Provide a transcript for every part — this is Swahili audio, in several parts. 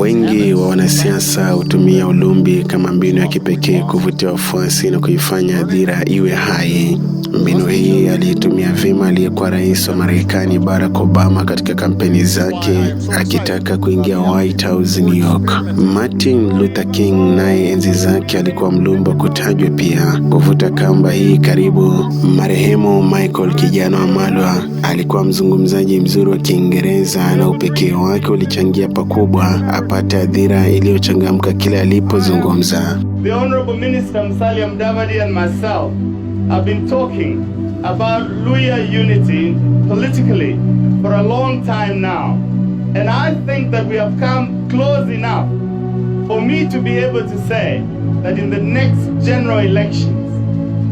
Wengi wa wanasiasa hutumia ulumbi kama mbinu ya kipekee kuvutia wafuasi na kuifanya hadhira iwe hai. Mbinu hii aliitumia vyema aliyekuwa rais wa Marekani Barack Obama katika kampeni zake akitaka kuingia White House New York. Martin Luther King naye enzi zake alikuwa mlumbi wa kutajwa pia kuvuta kamba hii karibu. Marehemu Michael Kijana wa malwa Alikuwa mzungumzaji mzuri wa Kiingereza na upekee wake ulichangia pakubwa apate iliyochangamka alipozungumza. The Honorable Minister Musalia Mudavadi and myself have been talking about Luhya unity politically for a long time now and I think that we have come close enough for me to be able to say that in the next general elections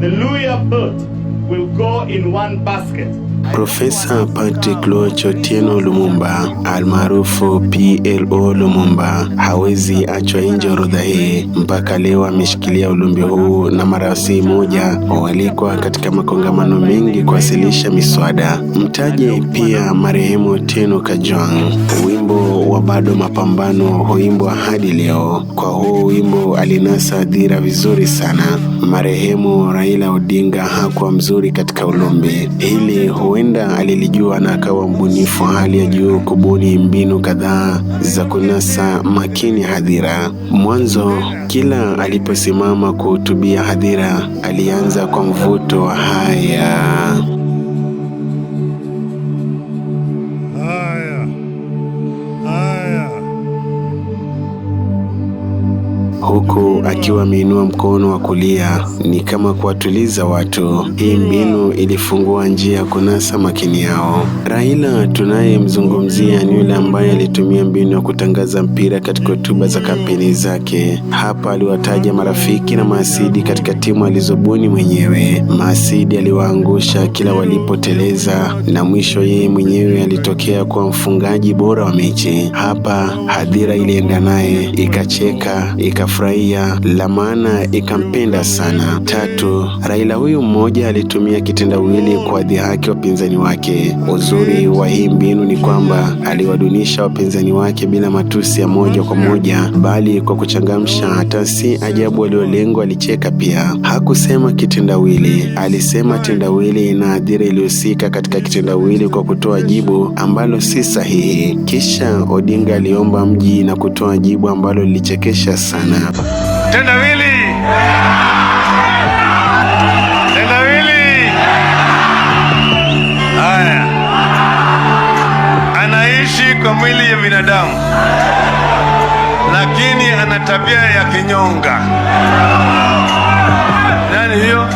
the Luhya vote will go in one basket. Profesa Patrick Locho Tieno Lumumba almaarufu PLO Lumumba hawezi achwa nje orodha hii. Mpaka leo ameshikilia ulumbi huu na mara si moja walikwa katika makongamano mengi kuwasilisha miswada. Mtaje pia marehemu Teno Kajwang'. Wimbo wa bado mapambano huimbwa hadi leo. Kwa huu wimbo alinasa dira vizuri sana. Marehemu Raila Odinga hakuwa mzuri katika ulumbi, hili huenda alilijua na akawa mbunifu hali ya juu kubuni mbinu kadhaa za kunasa makini hadhira. Mwanzo, kila aliposimama kuhutubia hadhira, alianza kwa mvuto wa haya huku akiwa ameinua mkono wa kulia, ni kama kuwatuliza watu. Hii mbinu ilifungua njia ya kunasa makini yao. Raila tunayemzungumzia ni yule ambaye alitumia mbinu ya kutangaza mpira katika hotuba za kampeni zake. Hapa aliwataja marafiki na maasidi katika timu alizobuni mwenyewe. Maasidi aliwaangusha kila walipoteleza, na mwisho yeye mwenyewe alitokea kuwa mfungaji bora wa mechi. Hapa hadhira ilienda naye, ikacheka, ika alifurahia la maana ikampenda sana. Tatu, Raila huyu mmoja alitumia kitendawili kwa dhihaki wapinzani wake. Uzuri wa hii mbinu ni kwamba aliwadunisha wapinzani wake bila matusi ya moja kwa moja, bali kwa kuchangamsha. Hata si ajabu waliolengwa alicheka pia. Hakusema kitendawili, alisema tendawili na adhira ilihusika katika kitendawili kwa kutoa jibu ambalo si sahihi. Kisha Odinga aliomba mji na kutoa jibu ambalo lilichekesha sana hapa. tenda wili Haya, anaishi kwa mwili ya binadamu, lakini ana tabia ya kinyonga. Nani hiyo?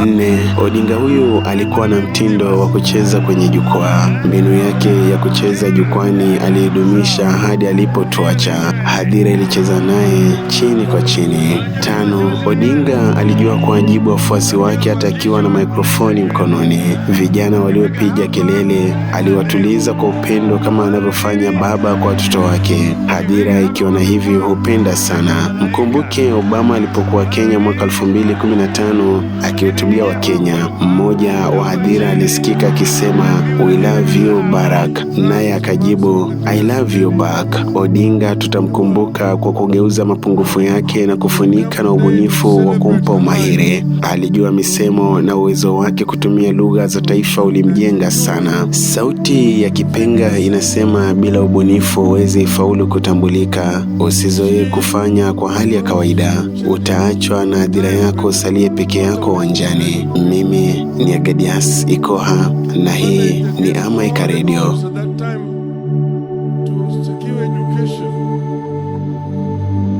Nne, Odinga huyu alikuwa na mtindo wa kucheza kwenye jukwaa. Mbinu yake ya kucheza jukwani aliidumisha hadi alipotuacha. Hadhira ilicheza naye chini kwa chini. Tano, Odinga alijua kuwajibu wafuasi wake hata akiwa na mikrofoni mkononi. Vijana waliopiga kelele aliwatuliza kwa upendo kama anavyofanya baba kwa watoto wake. Hadhira ikiona hivi hupenda sana. Mkumbuke Obama alipokuwa Kenya mwaka 2015 akiwa wa kenya mmoja wa hadhira alisikika akisema we love you Barack, naye akajibu I love you back. Odinga tutamkumbuka kwa kugeuza mapungufu yake na kufunika na ubunifu wa kumpa umahiri. Alijua misemo na uwezo wake kutumia lugha za taifa ulimjenga sana. Sauti ya kipenga inasema, bila ubunifu huwezi faulu kutambulika. Usizoee kufanya kwa hali ya kawaida, utaachwa na hadhira yako, usalie peke yako uwanjani gani? Mimi ni Agadias Ikoha na hii ni Amaika Radio.